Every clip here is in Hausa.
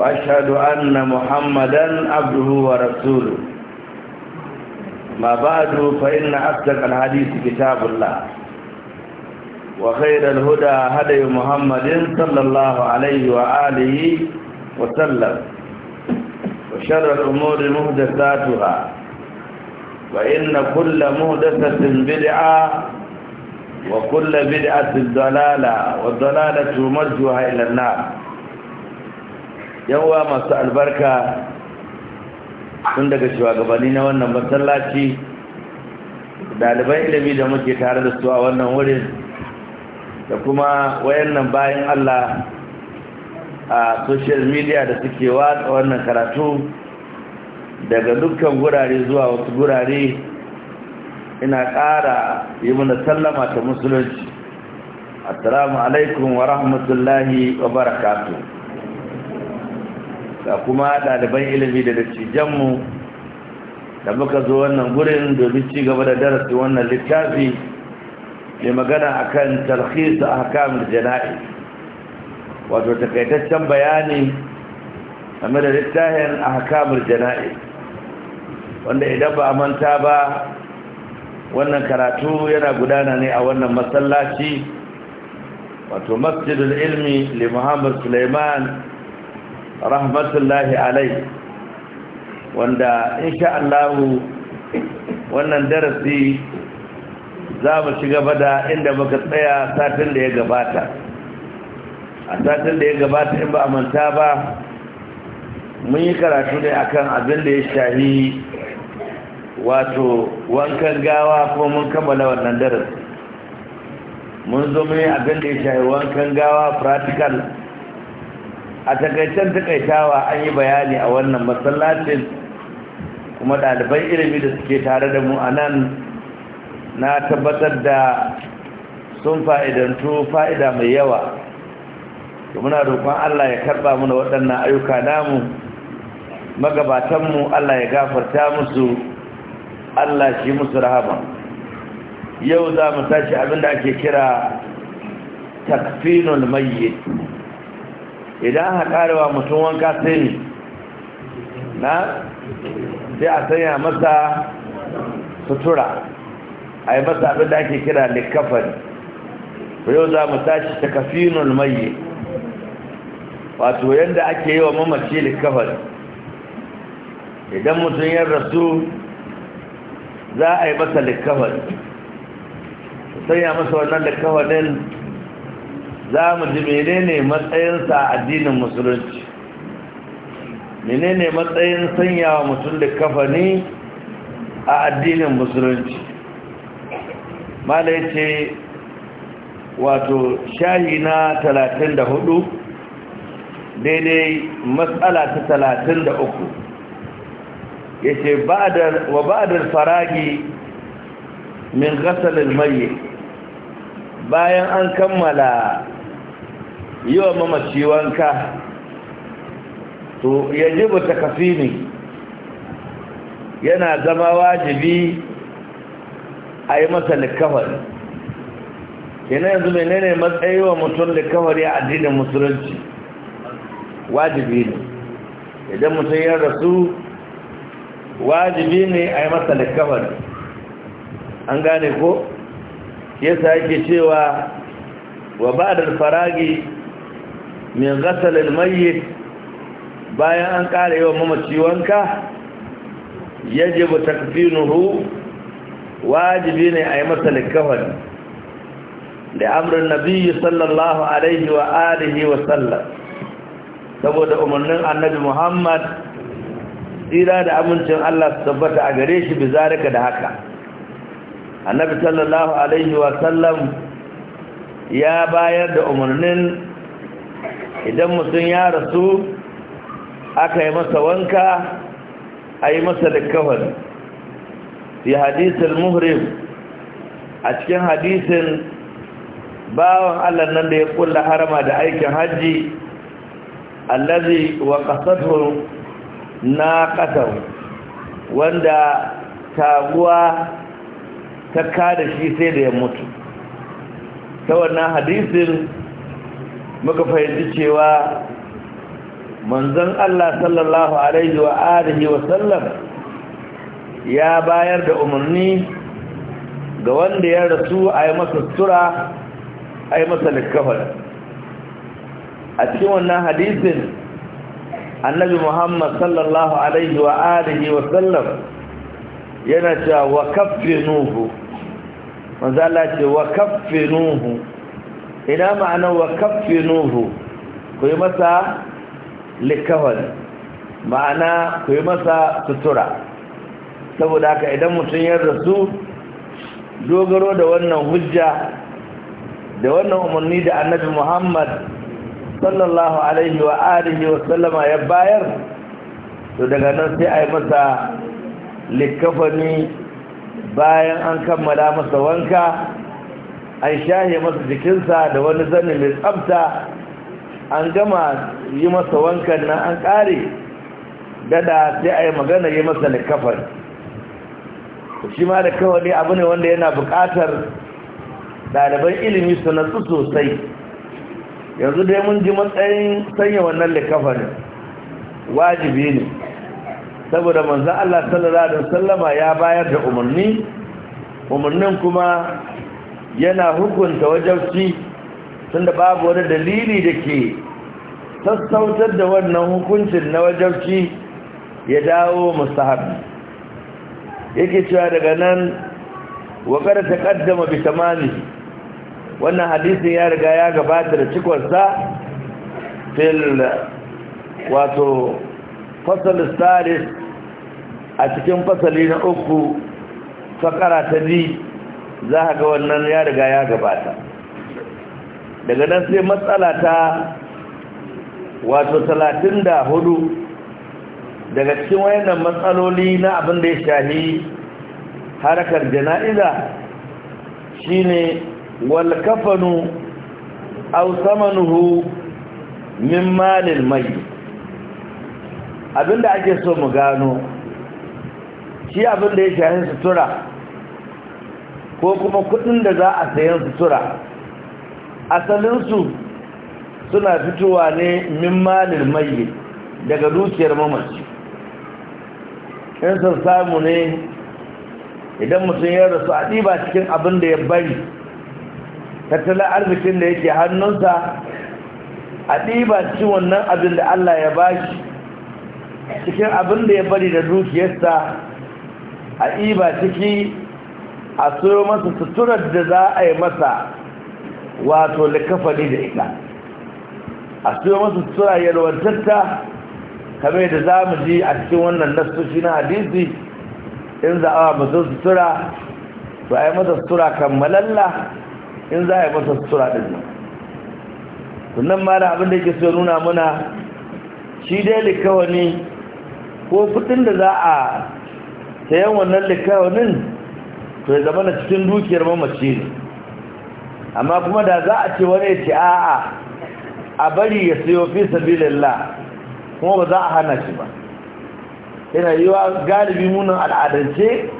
وأشهد أن محمدا عبده ورسوله ما بعد فإن أصدق الحديث كتاب الله وخير الهدى هدي محمد صلى الله عليه وآله وسلم وشر الأمور مهدساتها وإن كل مهدسة بدعة وكل بدعة ضلالة والضلالة مرجوها إلى النار Yan uwa masu albarka sun daga shugabanni na wannan masallaci ɗaliban ilimi da muke tare da su a wannan wurin da kuma wayannan bayan Allah a social media da suke watsa wannan karatu daga dukkan gurare zuwa wasu gurare ina ƙara yi mana sallama ta musulunci assalamu alaikum wa rahmatullahi wa barakatuh Da kuma ɗaliban ilimi da dattijanmu da muka zo wannan gurin domin ci gaba da darasi wannan littafi mai magana a kan akan a ahkamul jana'i wato takaitaccen bayani a mada littafin a ahkamul jana'i wanda idan ba a manta ba wannan karatu yana gudana ne a wannan masallaci wato masjidul ilmi li Muhammad Suleiman. rahmatullahi alai wanda insha Allah wannan darasi za mu ci gaba da inda muka tsaya satin da ya gabata a satin da ya gabata in ba a manta ba mun yi karatu ne akan abin da ya shahi wato wankan gawa ko mun kammala wannan darasi mun zo mun yi abin da ya shahi wankan gawa practical a takaicen takaitawa an yi bayani a wannan masallacin kuma ɗaliban ilimi da suke tare da mu a nan na tabbatar da sun fa'idantu fa'ida mai yawa muna roƙon Allah ya karɓa mana waɗannan ayyuka namu mu, Allah ya gafarta musu Allah shi musu rahama yau za mu tashi abinda ake kira takfinul mayyit idan aka karewa mutum wanka sai ne na sai a sanya masa sutura a yi masa abin da ake kira likafani yau za mu tashi ta kafinul maye wato yadda ake yi wa mamaci likafani idan mutum ya rasu za a yi masa likafani sanya masa wannan likafanin za mu ji menene matsayinsa a addinin musulunci menene matsayin sanyawa mutum da kafani a addinin musulunci malai ce wato shahi na talatin da hudu daidai matsala ta talatin da uku ya ce wa ba'adar faragi min gasalin maye bayan an kammala yi wa mamaci wanka to kafi ne yana zama wajibi a yi masa likawari yana yanzu nene matsayi wa mutum likawari a addinin musulunci wajibi ne idan mutum ya rasu wajibi ne a yi masa likawari an gane ko yasa yake cewa wa ba da faragi min ghasalil mayyit bayan an ƙara yawan mamaci wanka yajibu takfinuhu wajibi ne a yi masa likafani da amrin nabiyyi sallallahu alaihi wa alihi wa sallam saboda umarnin annabi muhammad tsira da amincin allah su tabbata a gare shi bizarika da haka annabi sallallahu alaihi wa sallam ya bayar da umarnin idan mutum ya rasu aka yi masa wanka a yi masa likafan fi hadisun muhrim a cikin hadisin bawan Allah nan da ya kulla harama da aikin hajji allazi wa qasatuhu na ƙasar wanda taguwa ta kada shi sai da ya mutu ta wannan hadisin muka fahimci cewa manzon Allah sallallahu alaihi wa alihi wa sallam ya bayar da umarni ga wanda ya rasu a yi masa tura a yi masa likafar a cikin wannan hadisin annabi muhammad sallallahu alaihi wa alihi wa sallam yana cewa wa kaffinuhu manzala ce wa nuhu. ina ma'ana wa nuhu ku yi masa likawar ma'ana ku yi masa sutura saboda haka idan mutum ya rasu dogaro da wannan hujja da wannan umarni da annabi muhammad sallallahu alaihi wa alihi wa sallama ya bayar to daga nan sai a yi masa likafani bayan an kammala masa wanka an shahe masa jikinsa da wani zane mai tsabta an gama yi masa wankan nan an ƙare dada sai a yi magana yi masa kafar shi ma da kawai ne abu ne wanda yana bukatar ɗaliban ilimi su natsu sosai yanzu dai mun ji matsayin sanya wannan likafarin wajibi ne saboda manzan Allah sallallahu Alaihi wasallama ya bayar da umarni umarnin kuma yana hukunta wajabci tunda babu wani dalili da ke sassautar da wannan hukuncin na wajabci ya dawo mustahabi yake cewa daga nan wa ta kaddama bi wannan hadisin ya riga ya gabata da cikonsa fil wato fasal salis a cikin fasali na uku fakara ta za a ga wannan ya riga ya gabata daga nan sai matsala ta wato talatin da hudu daga cikin wayannan matsaloli na abin da ya shahi harkar jana'iza shine wal kafanu aw samanuhu min malil mayyit abinda ake so mu gano shi abinda da ya shahi sutura ko kuma kudin da za a sayan sutura asalinsu suna fitowa ne min malin mai daga dukiyar mamaci in sun samu ne idan mutum ya rasu a ɗiba cikin abin da ya bari tattalin arzikin da yake hannunsa a ɗiba cikin wannan abin da Allah ya bashi cikin abin da ya bari da dukiyarsa a ɗiba ciki a siyo masa suturar da za a yi masa wato likafani da ita a siyo masa sutura yalwantarta kamar da za mu ji a cikin wannan nasoshi na hadisi in za a mutum sutura to a yi masa sutura kammalalla in za a yi masa sutura ɗin nan sannan ma da abin da yake so nuna muna shi dai likawani ko kudin da za a sayan wannan likawanin to ya zama na cikin dukiyar mamaci ne amma kuma da za a ce wani ya ce a'a a bari ya sayo fi sabilillah kuma ba za a hana shi ba yana yi wa galibi munin al'adance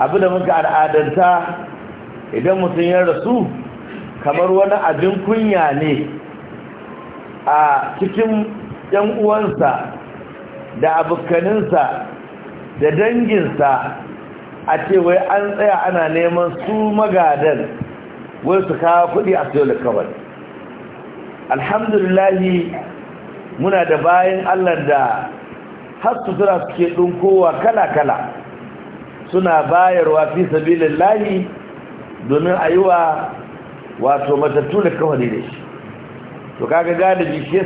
abu da muka al'adanta idan mutum ya rasu kamar wani abin kunya ne a cikin yan uwansa da abukaninsa da danginsa a ce wai an tsaya ana neman su magadan wai su kawo kudi a siyo likabari alhamdulillahi muna da bayan allah da har suke ɗunkowa kala-kala suna bayarwa fi sabilin lahi domin a yi wa wato matattu da kawani da shi to kaga galibi shi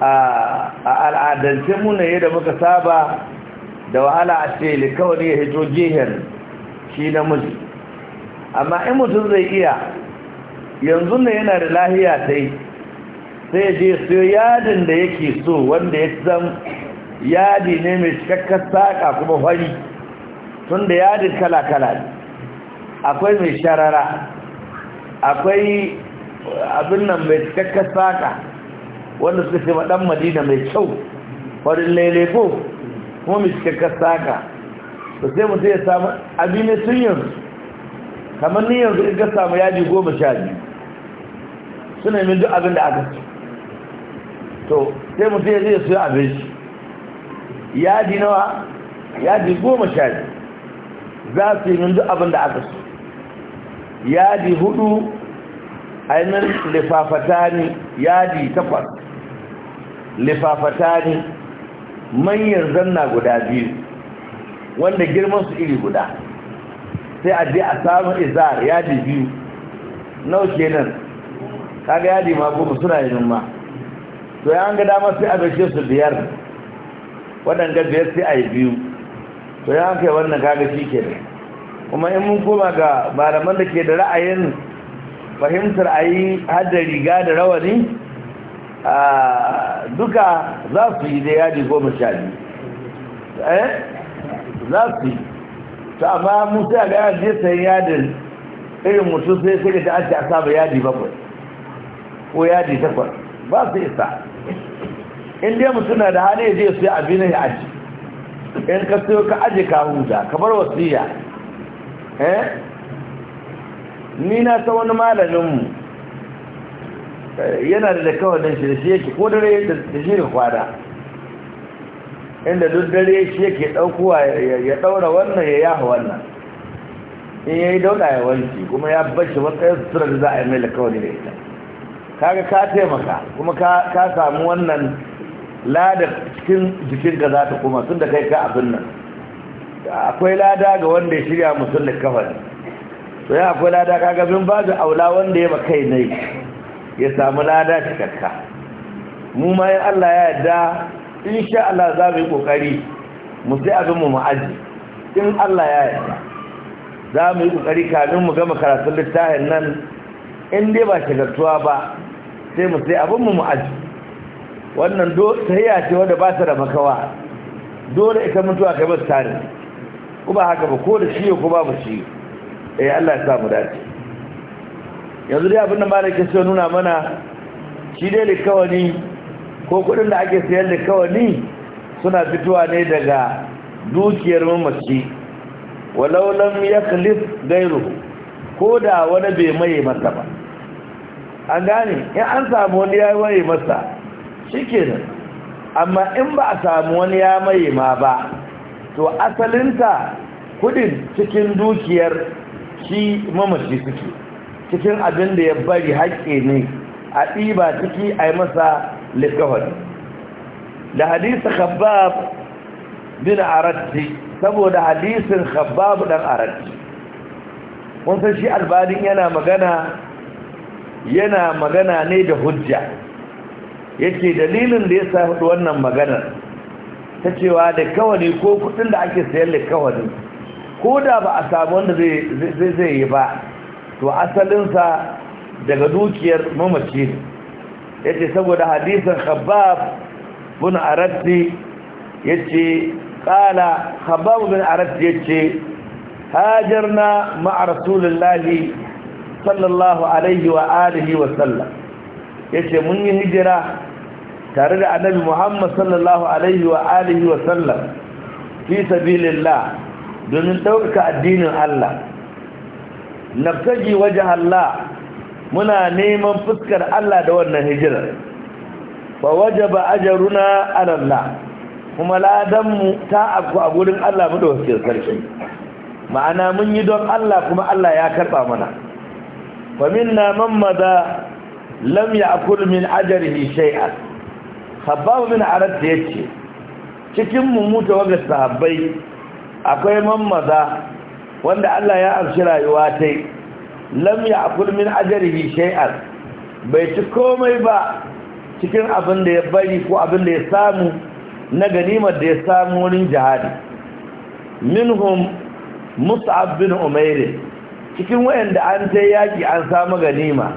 a al'adance muna yadda muka saba da wahala a ce kawai ya hito jihar shi na mutu amma in mutum zai iya yanzu ne yana da lahiya sai sai ya je su yadin da yake so wanda ya zan yadi ne mai cikakkar saƙa kuma fari tun da yadin kala-kala akwai mai sharara akwai abin nan mai cikakkar saƙa wanda suka ce madan madina mai kyau farin ko. kuma mai cikakkar saka to sai mutum ya samu abin ne sun yanzu kamar ni yanzu in ka samu yaji goma sha biyu suna min duk abin da aka ci to sai mutum ya zai suya abin shi yaji nawa yaji goma sha biyu za su yi min duk abin da aka ci yaji hudu ainihin lifafata ne yaji takwas lifafata ne manyan zanna guda biyu wanda girman su iri guda sai a je a samu izar yadi biyu nau kenan kaga yadi ma goma suna yin ma to ya ga dama sai a gashe su biyar waɗanda biyar sai a yi biyu to ya kai wannan kaga shi kenan kuma in mun koma ga malaman da ke da ra'ayin fahimtar a yi hadda riga da rawani duka za su yi da yadi goma sha biyu eh za su yi ta amma musu ya gaya zai sayi yadin irin mutum sai sai da ake a saba yadi bakwai ko yadi takwas ba su isa in dai mutum na da hali zai sai abin ya aji in ka sayo ka aji ka huta kamar wasiya eh ni na ta wani malaminmu yana da kawalin shi da shi yake ko dare da shi da kwana inda duk dare shi yake ɗaukuwa ya ɗaura wannan ya yahu wannan in ya yi dauɗa ya wanci, kuma ya bashi matsayin sutura da za a yi mai da kawalin da ita kaga ka taimaka kuma ka samu wannan lada cikin jikinka za ta kuma sun da kai ka abin nan akwai lada ga wanda ya shirya musulun kafani to ya akwai lada kaga bin ba da aula wanda ya ba kai yi. ya samu lada cikakka mu ma yin Allah ya yarda insha Allah za mu yi kokari mu sai abin mu ma'aji in Allah ya yarda za mu yi kokari kamin mu gama karatun littafin nan in dai ba shigartuwa ba sai mu sai abin mu ma'aji wannan do tayya ce wanda ba ta da makawa dole ita mutuwa kai ba tare ku ba haka ba ko da shi ko mu shi eh Allah ya sa mu dace yanzu dai abin da malaka sai nuna mana shi dai likawani ko kudin da ake sayar likawani suna fitowa ne daga dukiyar mamaci walau lam yakhlif gairu ko da wani bai maye masa ba an gane in an samu wani ya maye masa shikenan amma in ba a samu wani ya maye ma ba to asalinta kudin cikin dukiyar shi mamaci suke cikin abin da ya bari haƙƙe ne a ɗiba ciki a yi masa littafin da hadisun khabab bin aratti saboda hadisin khabab ɗan aratti mun san shi albanin yana magana yana magana ne da hujja yake dalilin da ya sa hudu wannan maganar ta cewa da kawani ko kudin da ake sayan da kawani ko da ba a samu wanda zai yi ba to asalinsa daga dukiyar mamaci ne ya ce saboda hadisan khabab bin aratti ya ce ƙala khabab bin aratti ya ce hajarna ma'a rasulullahi sallallahu alaihi wa alihi wa sallam ya ce mun yi hijira tare da annabi muhammad sallallahu alaihi wa alihi wa sallam fi sabilillah domin ɗaukaka addinin allah nabtaji waje Allah muna neman fuskar Allah da wannan hijirar fa wajaba ajruna ala Allah kuma ladan ta abu a gurin Allah mu ke sarki ma'ana mun yi don Allah kuma Allah ya karba mana fa minna man madha lam ya'kul min ajrihi shay'an khabbab min arad yace cikin mu muta sahabbai akwai man madha wanda Allah ya amshi rayuwa tai lam akul min ajrihi shay'an bai ci komai ba cikin abin da ya bari ko abin da ya samu na ganimar da ya samu wurin jihadi minhum mus'ab bin umair cikin wayanda an tai yaki an samu ganima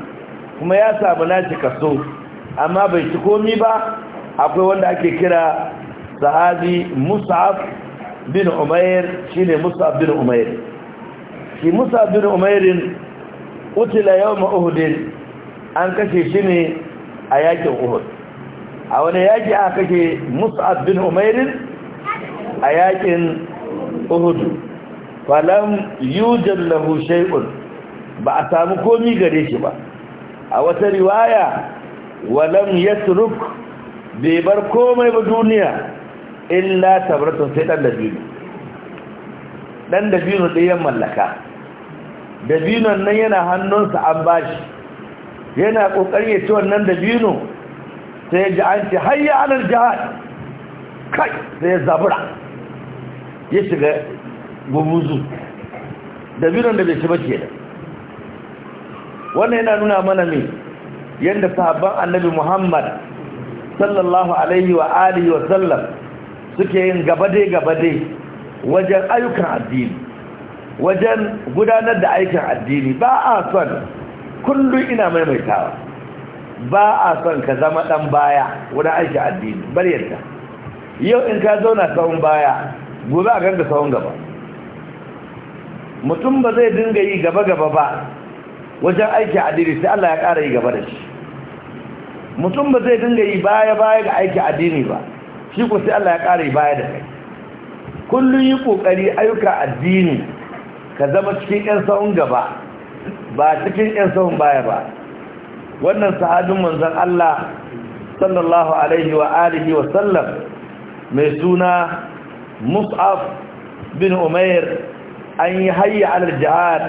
kuma ya samu naci kaso amma bai ci komai ba akwai wanda ake kira sahabi mus'ab bin umair shine mus'ab bin umair shi musa bin umairin utila yau ma'uhudin an kashe shi ne a yakin uhud a wani yaki aka kashe musa bin umairin a yakin uhudu falam yujan lahu shay'un ba a samu komi gare shi ba a wata riwaya walam yatruk bai bar komai ba duniya illa tabratun sai dan dabino dan da yan mallaka dabinon nan yana hannunsa an bashi yana kokari ya ci wannan dabino sai ji an ce hayya alal jihad kai sai zabura ya shiga gubuzu dabinon da bai ci ba da. wannan yana nuna mana me yanda sahabban annabi Muhammad sallallahu alaihi wa alihi wa sallam suke yin gabade gabade wajen ayyukan addini wajen gudanar da aikin addini ba a son kullum ina maimaitawa ba a son ka zama dan baya wurin aikin addini bar yadda yau in ka zauna sahun baya gobe a ganga sahun gaba mutum ba zai dinga yi gaba-gaba ba wajen aikin addini sai Allah ya ƙara yi gaba da shi mutum ba zai dinga yi baya-baya ga aikin addini ba shi ku sai Allah ya ƙara yi baya da kai kullum yi ƙoƙari ayyuka addini ka zama cikin 'yan sahun gaba ba cikin 'yan sahun baya ba wannan sahabin manzon Allah sallallahu alaihi wa alihi wa sallam mai suna mus'af bin umair an yi hayya alal jihad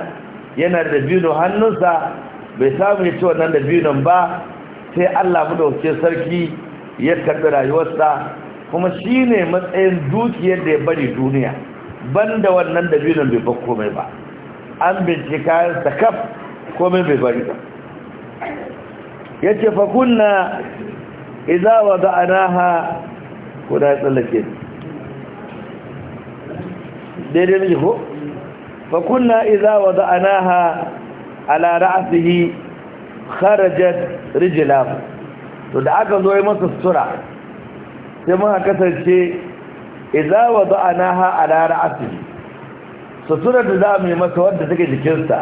yana da bino hannunsa bai samu ya ci wannan da ba sai Allah madaukakin sarki ya karɓi rayuwarsa kuma shi ne matsayin dukiyar da ya bari duniya banda wannan dabinon bai ba komai ba an bincika kayan kaf komai bai bari ba ya ce fakunna iza wa naha kuna ya tsallake daidai miji ko fakunna iza wa za'anaha ala ra'asihi kharajat rijlam to da aka zo yi masa sutura sai muka kasance idza wada'naha ala ra'sihi suturar da za mu yi masa wanda take jikinsa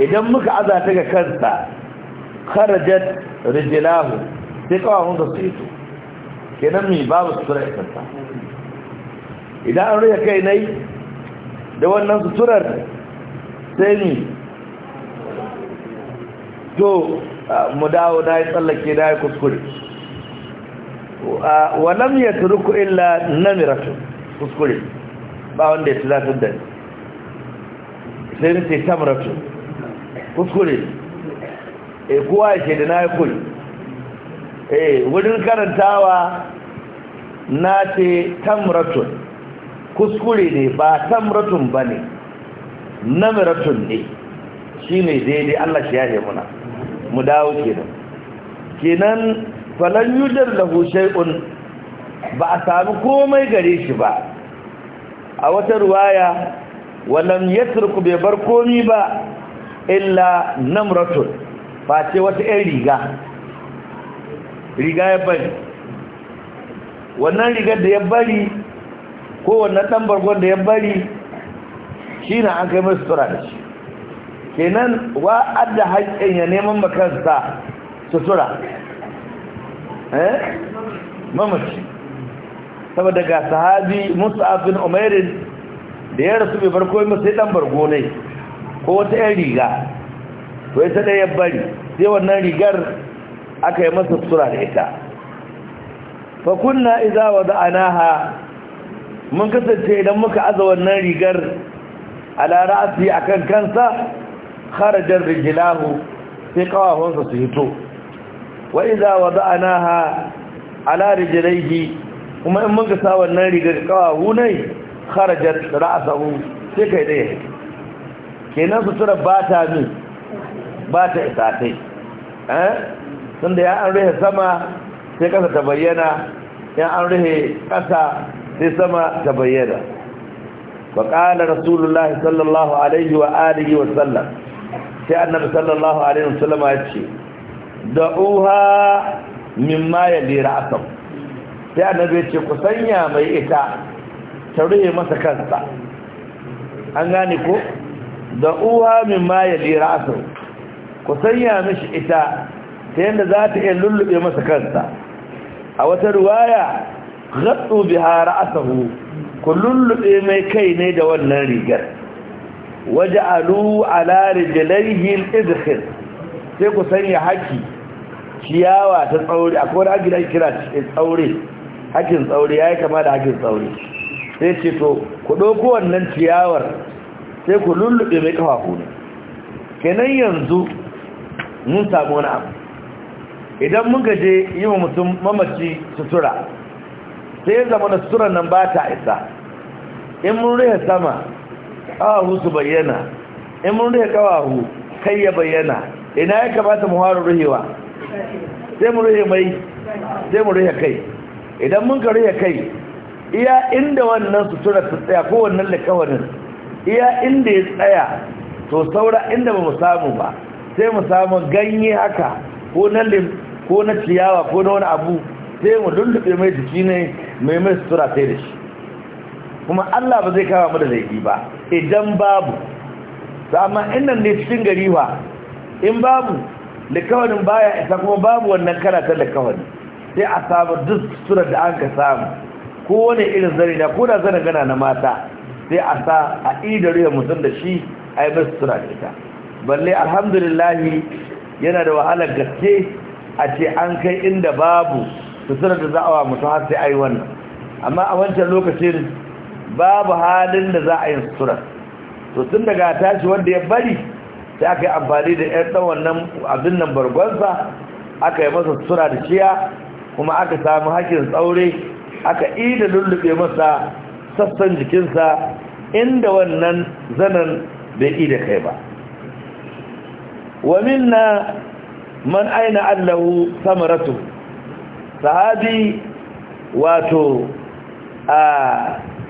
idan muka aza ta ga kansa kharajat rijlahu sai mun da su kenan mi babu sutura ta, idan an rike kai nai da wannan suturar sai ni to mu dawo na tsallake na kuskure wa lam yatruku illa namiratu kuskure ba wanda ya tilatar da ni. sai ne ce tamratu kuskure e eh, kuwa ya da na yi kuri e wurin karantawa na ce tamratu kuskure ne ba tamratun ba ne namiratun ne shi ne daidai allah shi ya muna mu dawo kenan kenan falan da lahu ba a sami komai gare shi ba a wata ruwaya walam ku bai bar komi ba illa namratun ce wata 'yan riga riga ya bari wannan rigar da ya bari ko wannan ɗan bargon da ya bari shi na an kai mai sutura da shi kenan wa adda haƙƙin ya neman makansa sutura eh mamaci saboda ga sahabi mus'ab bin umair da ya rasu bai bar koyi sai dan bargo ne ko wata yan riga to ya da ya bari sai wannan rigar aka yi masa sura da ita fa kunna idza wada'naha mun kasance idan muka aza wannan rigar ala ra'si akan kansa kharajar rijlahu sai kawahonsa su hito wa idza wada'naha ala rijlaihi kuma in mun ga sa wannan rigar kawahu ne kharajat ra'sahu sai kai dai kenan sutura ba ta min ba ta isa tai eh da ya an rihe sama sai kasa ta bayyana ya an rihe kasa sai sama ta bayyana qala rasulullah sallallahu alaihi wa alihi wa sallam sai annabi sallallahu alaihi sallam ya ce da'uha mimma maye lera asam sai annabi ce ku sanya mai ita ta rufe masa kansa an gane ko da'uha mimma maye lera asam ku sanya mishi ita ta yadda za ta iya lullube masa kansa a wata ruwaya gatsu biha ra'asahu ku lullube mai kai ne da wannan rigar waje alu ala rijlaihi al-idkhil sai ku sanya haki ciyawa ta tsaure akwai wani agida kira cikin tsauri, hakin tsauri, ya yi kama da hakin tsauri. sai ce to ku ɗauko wannan ciyawar sai ku lullube mai ƙafafu ne kenan yanzu mun samu wani abu idan mun gaje yi wa mutum mamaci sutura sai zama na suturan nan ba ta isa in mun rihe sama ƙawahu su bayyana in mun rihe ƙawahu kai ya bayyana ina ya kamata mu haru rihewa sai mu rufe mai sai mu rufe kai idan mun ka rufe kai iya inda wannan sutura su tsaya ko wannan likawarin iya inda ya tsaya to saura inda ba mu samu ba sai mu samu ganye haka ko na lim ko na ciyawa ko na wani abu sai mu dundube mai jiki ne mai mai sutura sai da shi kuma Allah ba zai kama mu da laifi ba idan babu amma inda ne cikin gari in babu likawanin baya isa kuma babu wannan karatar likawani sai a samu duk surar da an ka samu ko wani irin zari na koda zana gana na mata sai a sa a idari da mutum da shi a yi masu suna da ita balle alhamdulillahi yana da wahalar gaske a ce an kai inda babu sutura da za'awa mutum har sai a yi wannan amma a wancan lokacin babu halin da za a yi to tun daga tashi wanda ya bari sai aka yi amfani da ɗan ɗan wannan abin nan bargonsa aka yi masa sura da ciya kuma aka samu hakin tsaure aka da lullube masa sassan jikinsa inda wannan zanen bai da kai ba wa minna man aina allahu samaratu sahabi wato a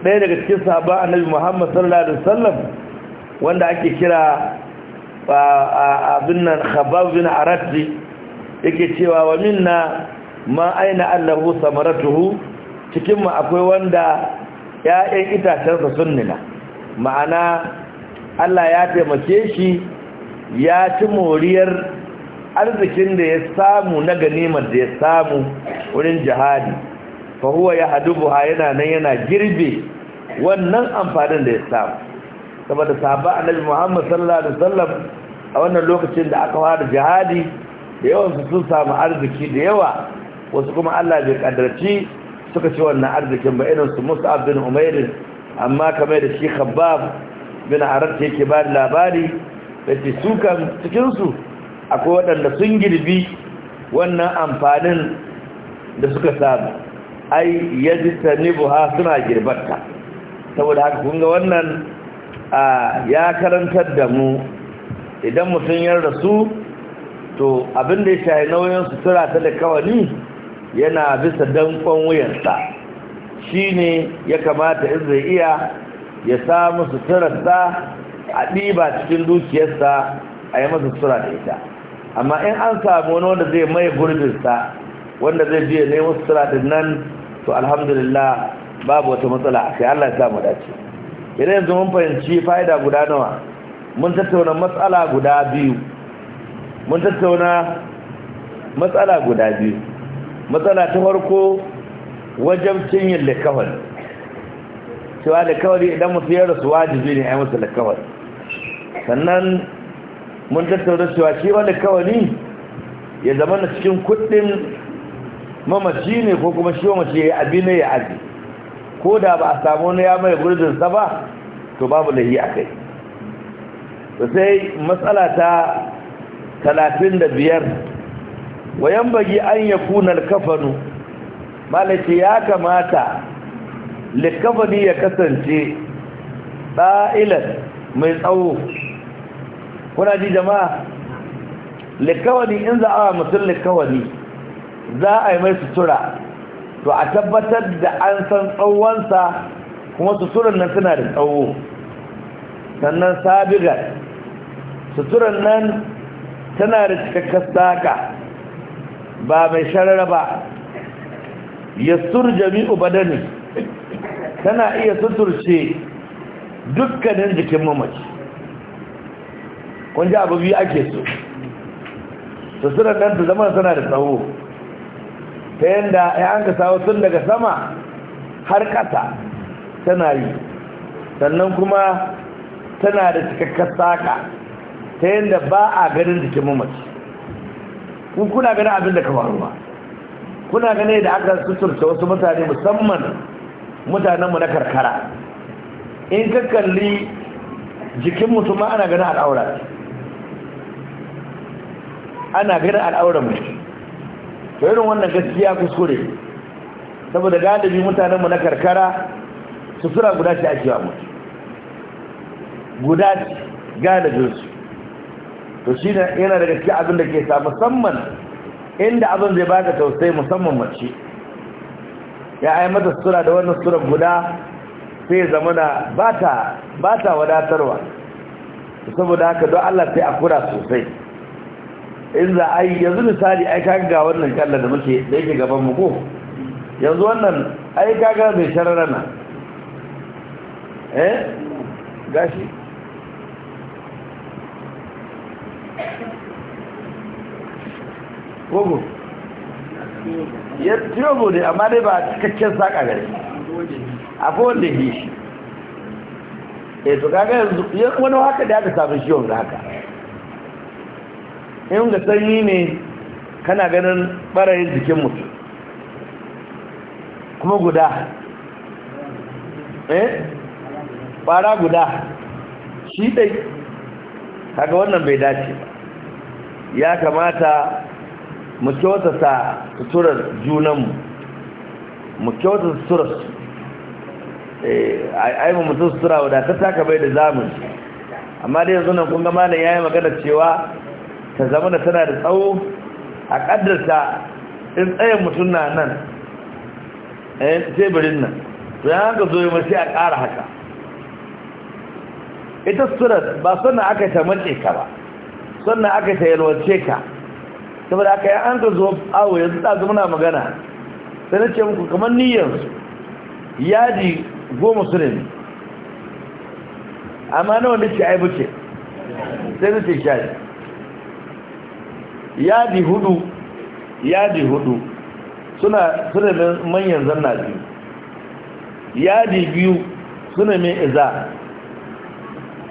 ɗaya daga cikin sahaba annabi muhammad sallallahu alaihi wasallam wanda ake kira abin nan khabab bin yake cewa wa minna ma aina allahu samaratuhu cikin mu akwai wanda ya'yan itacen sa sunnina. ma'ana Allah ya taimake shi ya ci moriyar arzikin da ya samu na ganimar da ya samu wurin jihadi fa huwa ya hadubu yana nan yana girbe wannan amfanin da ya samu saboda sahaba annabi Muhammad sallallahu alaihi wasallam a wannan lokacin da aka fara jihadi da yawan su sun samu arziki da yawa wasu kuma Allah bai kaddarci suka ci wannan arzikin ba irin su Mus'ab bin Umair amma kamar da shi Khabbab bin Arad yake ba labari da ke su cikin su akwai waɗanda sun girbi wannan amfanin da suka samu ai buha suna girbarta saboda haka kun ga wannan ya karantar da mu idan mutum ya rasu to abin da ya shayi nauyin sutura ta da kawani yana bisa dankon wuyansa shi ne ya kamata in zai iya ya samu suturarsa a ɗiba cikin dukiyarsa a yi masu sutura da ita amma in an samu wani wanda zai mai gurbinsa wanda zai biya nemo sutura din nan to alhamdulillah babu wata matsala a kai Allah ya samu dace idan yanzu mun fahimci fa'ida guda nawa mun tattauna matsala guda biyu mun tattauna matsala guda biyu matsala ta farko wajen cinyin likawar cewa likawari idan musu ya rasu wajibi ne a yi musu likawar sannan mun tattauna cewa shi wani likawari ya zama na cikin kudin mamaci ne ko kuma shi mace ya yi ne ya aji ko da ba a samu wani ya mai gurbinsa ba to babu lahi a kai sai matsala ta talatin da biyar wayan bagi an ya kunar kafanu malaki ya kamata likafani ya kasance ɗa'ilan mai tsawo kuna ji jama'a likawani in za a mutum likawani za a yi mai sutura to a tabbatar da an san tsawonsa kuma suturan nan suna da tsawo sannan sabigar suturan nan tana da cikakkar saka ba mai sharara ba yastur jami'u badani tana iya suturce dukkanin jikin mamaci kun ji abubuwa ake so suturan nan ta zama suna da tsawo ta yadda ya an ka tun daga sama har ƙasa tana yi sannan kuma tana da cikakkar saƙa ta yadda ba a ganin jikin mamaci kun kuna gani abin da ka faru ba kuna gani da aka suturta wasu mutane musamman mutanenmu na karkara in ka kalli jikin mutum ma ana ganin al'aura ana gani al'aura mutum to irin wannan gaskiya kuskure saboda galibi mutanen mu na karkara sutura guda ce ake wa mutu guda ce galibin to shi yana da gaskiya abin da ke sa musamman inda abin zai baka tausayi musamman mace ya ai mata sutura da wannan sutura guda sai zamana ba ta wadatarwa saboda haka don Allah sai a kura sosai in za a yi yanzu misali ai kaga ga wannan kallon da muke da yake gaban mu ko yanzu wannan ai kaga mai sharara na eh gashi gogo ya tiyo gode amma dai ba cikakken saƙa gare a wanda yi shi eh to kaga yanzu wani haka da aka samun shi da haka in ga sanyi ne kana ganin barayin jikin mutum kuma guda eh ɓara guda shi ɗai kaga wannan bai dace ya kamata mu kyautata suturar junanmu mu kyautata suturar su eh, a yi mutum sutura wadatattaka bai da zamun amma dai yanzu nan kun gama da ya yi magana cewa ta zama da tana da tsawo a ƙaddarta in tsayin mutum na nan a eh, yin teburin nan to ya haka zo yi mace a ƙara haka ita surat ba suna aka ta mace ka ba suna aka ta yalwace ka saboda aka yi an ka zo awo yanzu ta zama na magana sai na ce muku kamar niyyarsu yadi goma su ne amma na wanda ce aibu sai na ce shaji yadi hudu yadi hudu suna suna da manyan zanna biyu yadi biyu suna mai iza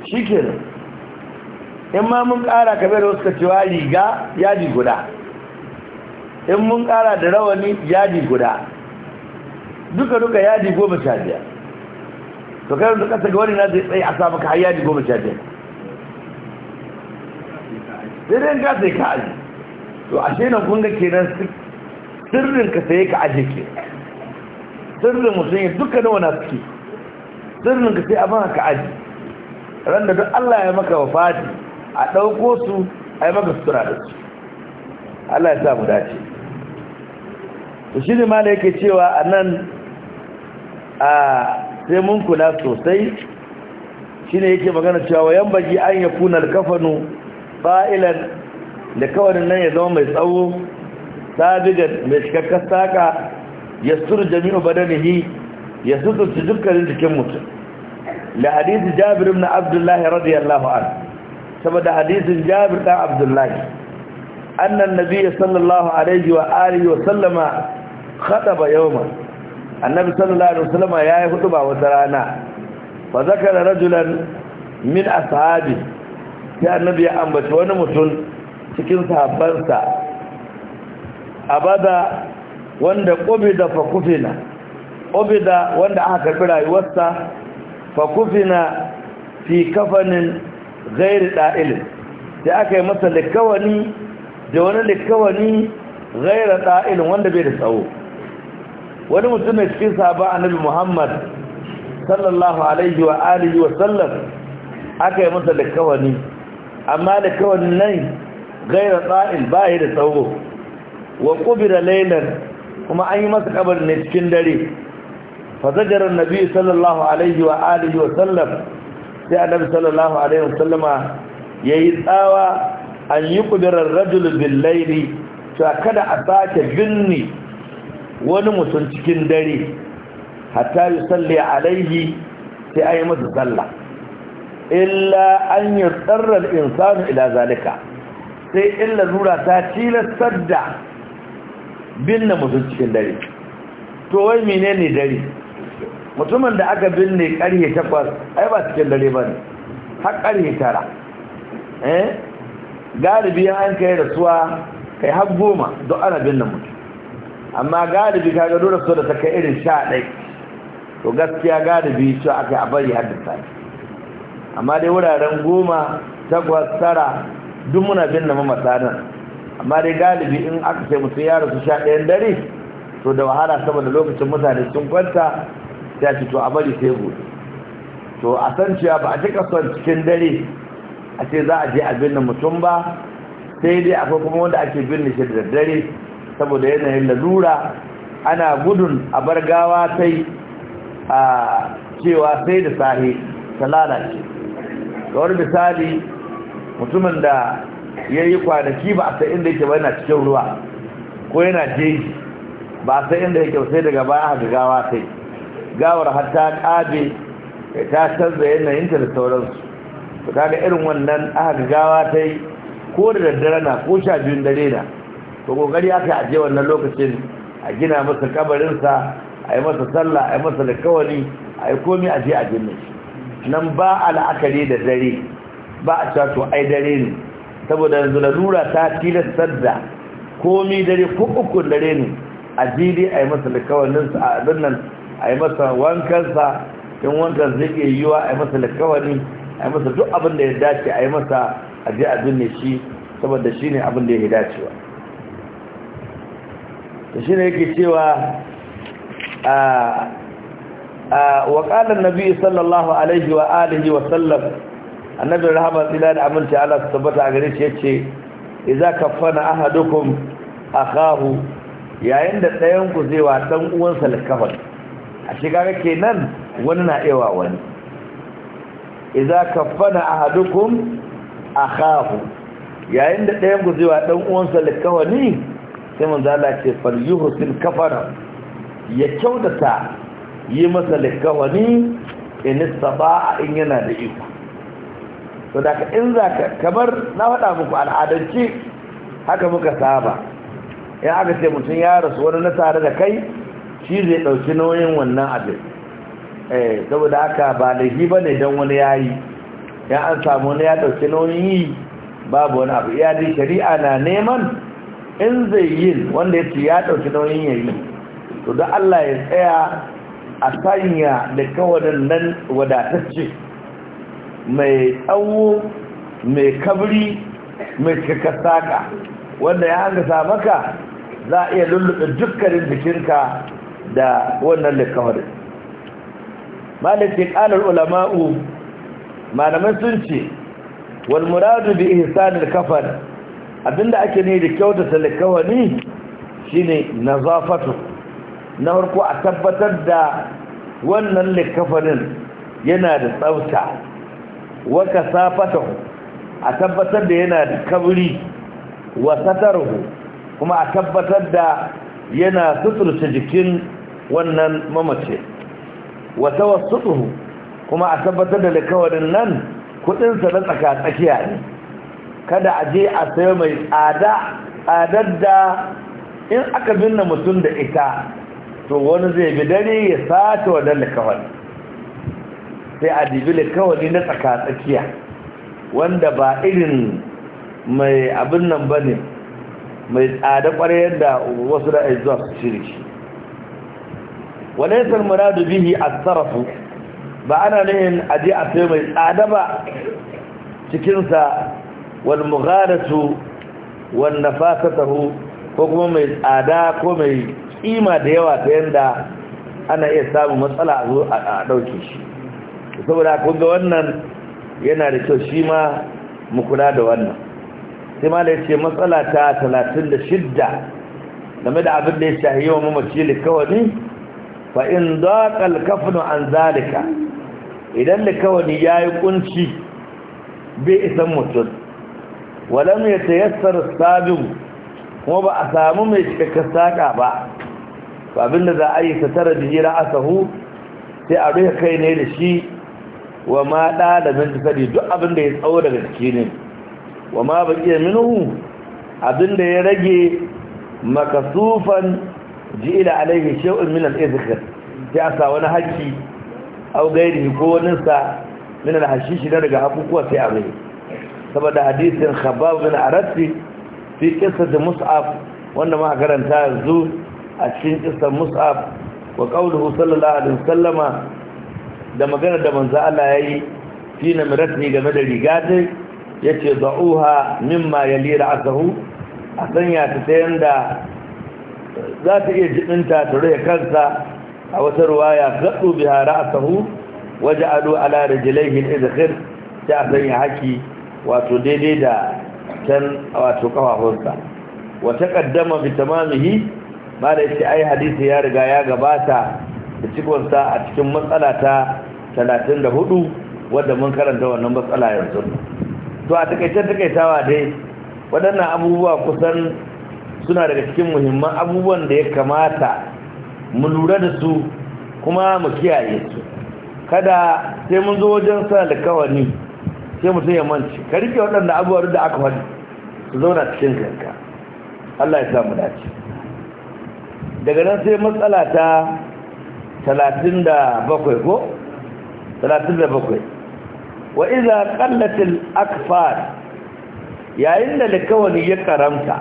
shi in ma mun kara kabe da wasu cewa riga yadi guda in mun kara da rawani yadi guda duka duka yadi goma sha biyar to kai da kasa ga wani na zai tsaye a sa maka har yadi goma sha biyar sai dai ka sai ka aji to ashe nan kun ga kenan sirrin ka sai ka aje ke sirrin mutum ya duka nawa na suke sirrin ka sai abin ka aje ran da duk Allah ya maka wafati a ɗauko su a yi maka sutura da su Allah ya sa mu dace to shi ne mala yake cewa a nan a sai mun kula sosai shi ne yake magana cewa yan baji an ya kuna kafanu fa'ilan da kawarin nan ya zama mai tsawo sadigar mai cikakkar saka ya suru jami'u badanihi ya suturci dukkanin jikin mutum da hadisin jabir ibn abdullahi radiyallahu an saboda hadisin jabir dan abdullahi annan nabiyyi sallallahu alaihi wa alihi wa sallama yau yawman annabi sallallahu alaihi wa sallama yayi ba wata rana fa zakara rajulan min ashabi sai annabi ya ambaci wani mutum cikin sahabbansa abada wanda qubida fa kufina qubida wanda aka karbi rayuwarsa fa kufina fi kafanin ghairi da'il da aka yi masa likawani da wani likawani ghairi da'il wanda bai da tsawo wani mutum ne cikin sahabba annabi Muhammad sallallahu alaihi wa alihi wa sallam aka yi masa likawani amma likawani nan gaira tsa'il bayi da tsawo wa kubira lailan kuma an yi masa kabar ne cikin dare fazajarar nabi sallallahu alaihi wa alihi wa sallam sai annabi sallallahu alaihi wa sallama yayi tsawa an yi kubirar rajul bil laili to kada a sake binni wani mutum cikin dare hatta yusalli alaihi sai ayi masa sallah illa an yusarra al-insanu ila zalika sai illa zura ta tilastar da binne mutum cikin dare to wai menene dare mutumin da aka binne karye takwas ai ba cikin dare ba ne har karye tara eh galibi an kai rasuwa kai har goma don ana binne mutum amma galibi ka gado rasuwa da ta kai irin sha ɗai to gaskiya galibi shi aka a bari har da amma dai wuraren goma takwas tara duk muna bin na amma dai galibi in aka sai mutum ya rasu sha ɗayan dare to da wahala saboda lokacin mutane sun kwanta ya ce to a bari sai gobe to a san cewa ba a cika son cikin dare a ce za a je a binne mutum ba sai dai akwai kuma wanda ake binne shi da daddare saboda yanayin lalura ana gudun a bar gawa sai a cewa sai da sahi ta lalace wani misali mutumin da ya yi kwanaki ba a sai inda yake ba yana cikin ruwa ko yana jeji ba a sai inda yake sai daga baya haka gawa sai gawar har ta ƙabe ta canza yanayinta da sauransu to kaga irin wannan aka gawa ta yi ko da daddare na ko sha biyun dare na to kokari aka ajiye wannan lokacin a gina masa kabarinsa a yi masa sallah a yi masa da kawani a yi komi ajiye a jinnin nan ba al'akari da dare ba a cewa to ai dare ne saboda yanzu lalura ta tilastar da komi dare ko ukun dare ne a jiri a yi masa likawaninsa a abin nan a yi masa wankansa in wankan zai ke yiwa a yi masa likawani a yi masa duk abin da ya dace a yi masa a je a shi saboda shi ne abin da ya dacewa da shi ne yake cewa a waƙalar nabi sallallahu alaihi wa alihi wa sallam annabi rahama tsila da aminta Allah su tabbata a gare shi ya ce iza kafana ahadukum akahu yayin da ɗayan ku zai wa ɗan uwansa likafan a shiga kake nan wani na ewa wani iza kafana ahadukum akahu yayin da ɗayan ku zai wa ɗan uwansa likafani sai mun zala ce falyuhsil kafara ya kyautata yi masa likafani in istaba in yana da iko to da ka in za ka kamar na faɗa muku al'adance haka muka saba ya aka ce mutum ya rasu wani na tare da kai shi zai ɗauki nauyin wannan abin eh saboda haka ba laifi ba ne don wani ya yi ya an samu wani ya ɗauki nauyin yi babu wani abu ya dai shari'a na neman in zai yi wanda ya ce ya ɗauki nauyin ya yi to da Allah ya tsaya a sanya da kawanan nan wadatacce mai tsawo mai kabri mai cikakka wanda ya hangasa maka za a iya lullube dukkanin jikinka da wannan likawarin malikin ƙalar ulama'u malamai sun ce wani muradu bi ihsanil kafar abinda ake ne da kyautata likawani shine nazafatu na farko a tabbatar da wannan likafarin yana da tsafta wa kasafatahu a tabbatar da yana da kabri wa sataruhu kuma a tabbatar da yana suturta jikin wannan mamace wa tawassutuhu kuma a tabbatar da likawarin nan kudinsa na tsaka tsakiya ne kada a je a sayo mai tsada tsadar da in aka binne mutum da ita to wani zai bi dare ya sace wa dan likawarin sai a dibile kawai na tsaka tsakiya wanda ba irin mai abin nan ba ne mai tsada kwarai yadda wasu da aizuwa su shirki walaisar muradu bihi a sarrafu ba ana nihin aji a sai mai tsada ba cikinsa wal mugharatu wal nafasatahu ko kuma mai tsada ko mai kima da yawa ta yadda ana iya samun matsala a a ɗauke shi saboda kun ga wannan yana da kyau shi ma mu kula da wannan sai ma da ce matsala ta talatin da shidda game da abin da ya shahi yawan mamaci likawani fa in daqa an zalika idan likawani yayi ƙunci bai isan mutum walam yatayassar sabin kuma ba a samu mai cika saƙa ba abin da za a yi satara da jira asahu sai a rufe kai ne da shi wa ma da da min duk abinda ya tsawo daga cikin ne wa ma baƙi minhu abin da ya rage makasufan ji'ila alaihi shay'un min al ya sa wani haki au gairi ko wani minan min al-hashishi da daga hakukuwa sai a mai saboda hadisin khabab bin arati fi qissati mus'ab wanda ma karanta yanzu a cikin qissar mus'ab wa qawluhu sallallahu alaihi wasallama da maganar da manzo Allah ya yi fi miratni game da ya yace za'uha mimma yali ra'sahu a sanya ta ta yanda za ta iya jibinta ta rufe kansa a wata ruwaya gaddu biha waje ado ala rijlaihi al-izkhir ta sanya haki wato daidai da can wato kafafunsa wa taqaddama bi tamamihi ma da yake ai hadisi ya riga ya gabata da cikonsa a cikin matsala ta talatin da hudu wadda mun karanta wannan matsala yanzu to a takaice takaitawa dai waɗannan abubuwa kusan suna daga cikin muhimman abubuwan da ya kamata mu lura da su kuma mu kiyaye su kada sai mun zo wajen sa da kawani sai mutum ya manci ka rike waɗanda abubuwan da aka faɗi su zauna cikin kanka Allah ya samu dace daga nan sai matsala ta talatin da bakwai ko Talatin da bakwai. wa iza qallatil akfar yayin da likawani ya karamta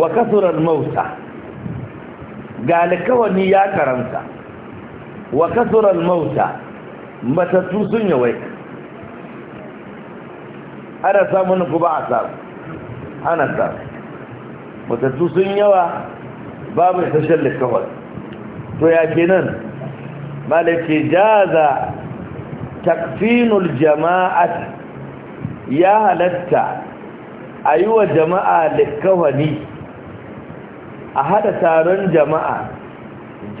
wa kasura mauta ga likawani ya karamta wa kasura mauta matattu sun yawaita ana samun ku ba a samu ana samu matattu sun yawa babu tashar likawani to ya ke nan. Maliki jaza takfinul jama'a ya halatta a yi jama'a likawani a hada taron jama'a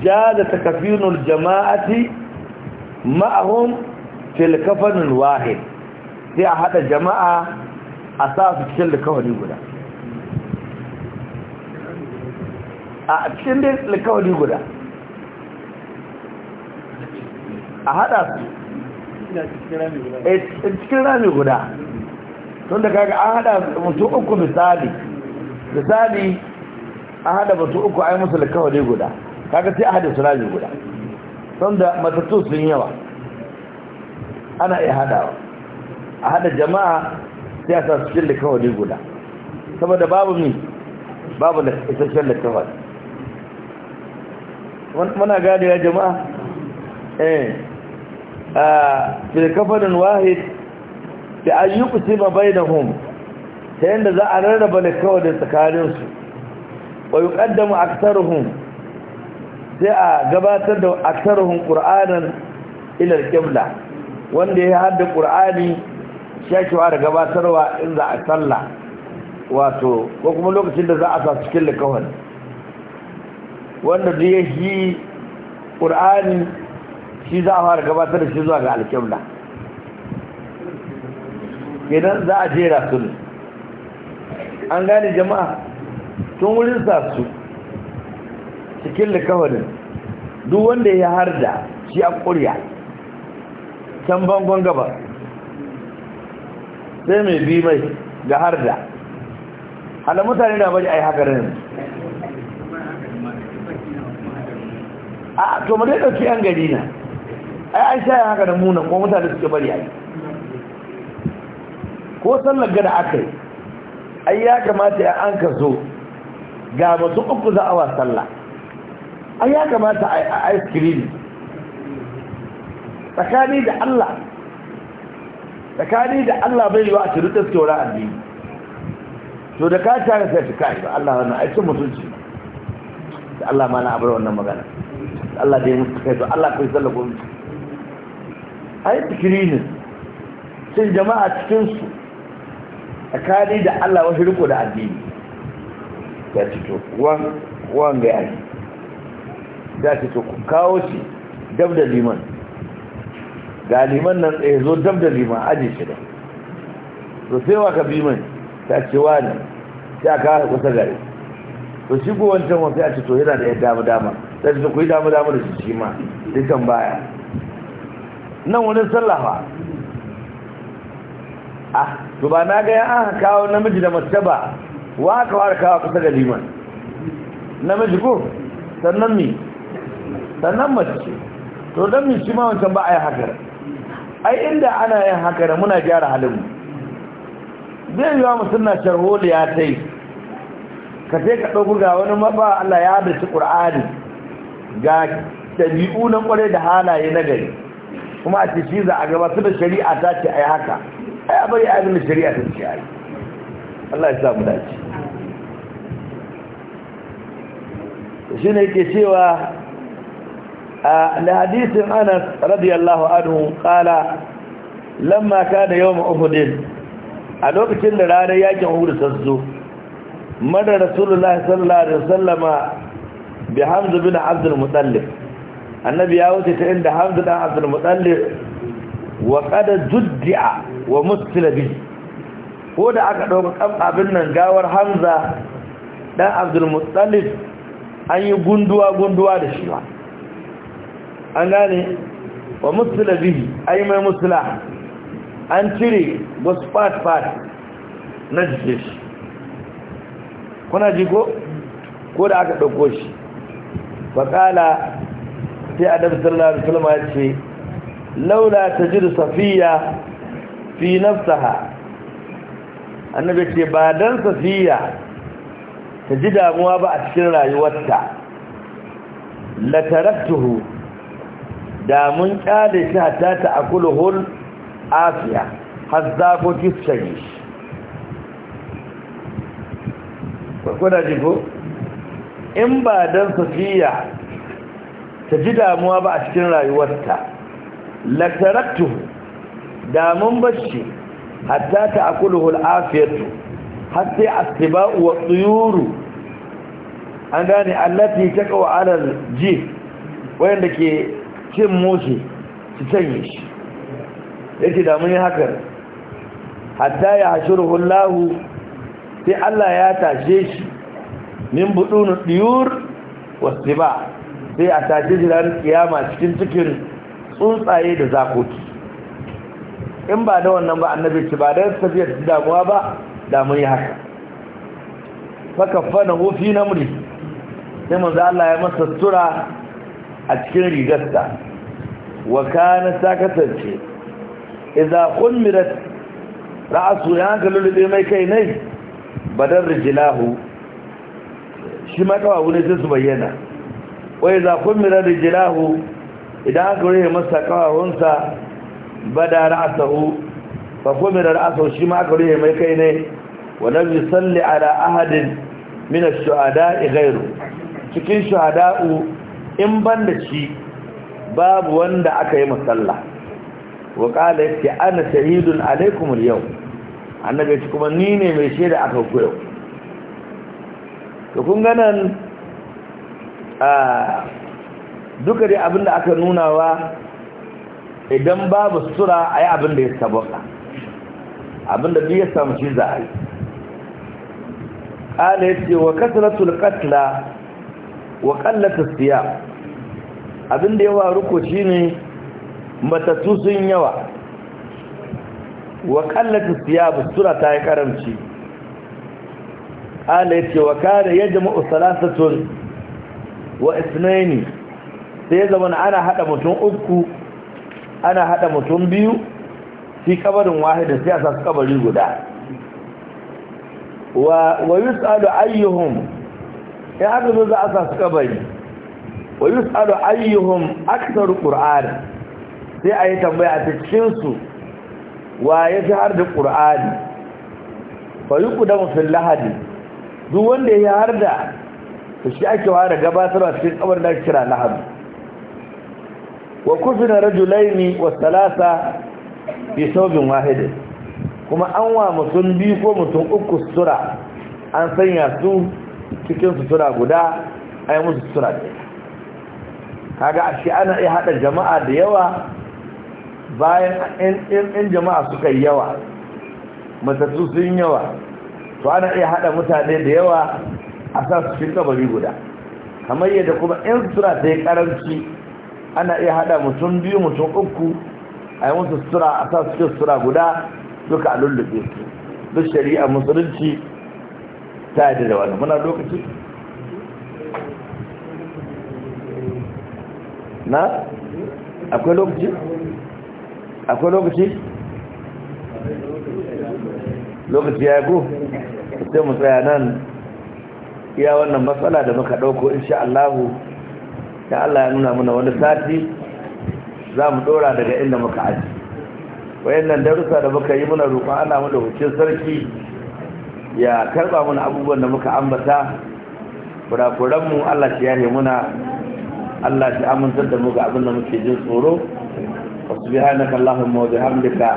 jaza takfinul jama'ati ma'ahum filkafanin wahid sai a hada jama'a a sa su cikin likawani guda a cikin likawani guda a hada su eh, cikin rami guda tun da kaga an hada mutu uku misali misali an hada mutu uku yi musu alkawari guda kaga sai a hada su rami guda tun da matattu sun yawa ana iya hadawa a hada jama'a sai a sa cikin alkawari guda saboda babu mi babu da isasshen alkawari muna gani ya jama'a eh bil wahid da an yi bai da hun ta yadda za a rarraba da kawai da tsakaninsu wa yi ƙaddama aksaruhun sai a gabatar da aksarhun ƙur'anin ilar ƙibla wanda ya hada ƙur'ani shakewa da gabatarwa in za a tsalla wato ko kuma lokacin da za a sa cikin kawai. wanda da ya yi ƙur'ani shi za a fara gabatar da shi zuwa ga alƙibla idan za a jera su ne an gane jama'a tun wurin sa su cikin likawarin duk wanda ya harda shi a ƙuriya can bangon gaba sai mai bi mai ga harda hala mutane na bari a yi haka ranar a to mu dai ɗauki 'yan gari na ai an shaya haka da munan ko mutane suke bari a yi ko sallar gada aka yi ai ya kamata ya an ka zo ga masu uku za a wa sallah ai ya kamata a ice cream tsakani da Allah tsakani da Allah bai yi wa a shirin taske wani addini to da ka tare sai ta kai ba Allah wannan aikin mutunci da Allah ma na abar wannan magana Allah da ya mutu kai to Allah kai sallah ai ne sun jama'a cikinsu tsakani da Allah wasu riko da addini ya ce to wan ga yaki ya ce to ku kawo shi dab da liman ga liman nan tsaye eh, zo dab da liman aji shi da to sai wa ka biman ta ce wa ne sai a kawo kusa gari. to shi ko wancan wasu ya ce to yana da ya dama dama ta ce ku yi dama dama da shi shi ma dukkan baya nan wurin sallah ba ah to ba na ga an kawo namiji da mace ba wa ka fara kawo kusa ga liman namiji ko sannan mi sannan mace to don mi shi ma wancan ba a yi haka ai inda ana yin haka muna gyara halin zai yi wa musulna sharholi ya ta yi ka sai ka ɗauku ga wani maba Allah ya da shi ƙur'ani ga ɗabi'u na ƙwarai da halaye na gari kuma a ciki za a gabatar da shari'a ta ce a yi haka ai a bari abin da shari'a ta ce a yi Allah ya samu dace shi ne ke cewa da hadisin anas radiyallahu anhu kala lamma da yawma uhudin a lokacin da ranar yakin uhud sazzo madar rasulullahi sallallahu alaihi wasallama bi hamza bin abdul muttalib annabi ya wuce ta inda hamdu dan abdul mutallib wa qad juddi'a wa mustila bi ko da aka dauka kan abin nan gawar hamza dan abdul mutallib an yi gunduwa gunduwa da shi ba an gane wa mustila bi ai mai mustila an tire wasu fat fat na jikin kuna ji ko ko da aka dauko shi faƙala sai annabi sallallahu alaihi wasallam ya ce laula tajidu safiya fi nafsaha annabi ce ba dan safiya ta ji damuwa ba a cikin rayuwarta la taraktuhu da mun kyale shi hatta ta akuluhul afiya har ko su shanye shi kuna ji ko in ba dan safiya ta ji damuwa ba a cikin rayuwarta latarattu damun bashi hatta ta akuluhu al'afiyatu har sai astiba'u wa tsuyuru an gane allati ta kawo alal ji wayanda ke cin mushi su canye shi yake damun yi hakan hatta ya hashiruhu lahu sai Allah ya tashe shi min budunu diyur wasu ba sai a tashi jiran kiyama cikin cikin tsuntsaye da zakoki in ba da wannan ba annabi ce ba da tafiyar damuwa ba da mun yi haka Saka fana hufi na muri sai manzo Allah ya masa tura a cikin rigarsa wa kana ta kasance idza qulmirat ra'su ya lulube mai kai ne badar rijlahu shi ma kawawu ne sai su bayyana wai za mira da jilahu idan aka rufe masa kawahunsa ba da ra'asahu fa kummira ra'asahu shi ma aka rufe mai kai ne Wani bi salli ala ahadin mina shuhada shuhadai gairu cikin shuhada'u in ban da shi babu wanda aka yi masalla wa yake ana shahidun alaikum yau yawm annabi kuma ni ne mai shaida aka ku yau to kun ganan duka dai da aka nunawa idan babu sura a yi da ya sabaka abin da ya samu shi za a yi ƙala ya ce wa kasaratul katla wa ƙallata siya abin ya yawa ko shi ne matattu sun yawa wa ƙallata siya sura ta yi karamci ƙala ya ce wa kare ya jama'u tun. wa isnaini sai ya zama ana hada mutum uku ana hada mutum biyu shi kabarin wahida sai a sa kabari guda wa wa yusalu ayyuhum ya aka zo za a sa su kabari wa yusalu ayyuhum aktsaru qur'an sai a yi tambaya a cikin su wa ya har da qur'ani fa yuqdamu fil lahadi duk wanda ya har da to shi ake ware gabatarwa cikin kabar da kira lahadu wa kufina rajulaini wa salasa bi saubin wahid kuma an wa mutum biyu ko mutum uku sura an sanya su cikin sutura guda ai musu sura ɗaya kaga shi ana iya haɗa jama'a da yawa bayan in jama'a suka yi yawa matattu sun yawa to ana iya haɗa mutane da yawa a sa su cikin kabari guda kamar yadda kuma in sutura ta yi karanci ana iya hada mutum biyu mutum uku a yi musu sutura a sa su cikin sutura guda duka a lullube su duk shari'a musulunci ta yadda da wani muna lokaci na akwai lokaci akwai lokaci lokaci ya yi ko sai mu tsaya nan iya wannan matsala da muka ɗauko insha Allahu ya Allah ya nuna muna wani sati za mu ɗora daga inda muka aji wayannan darussa da muka yi muna roƙon Allah mu da hukin sarki ya karba muna abubuwan da muka ambata mu Allah shi yahe muna Allah shi amintar da mu ga abin da muke jin tsoro subhanaka allahumma wa bihamdika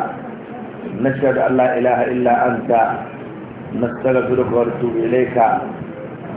nashhadu an la ilaha illa anta nastaghfiruka wa natubu ilayka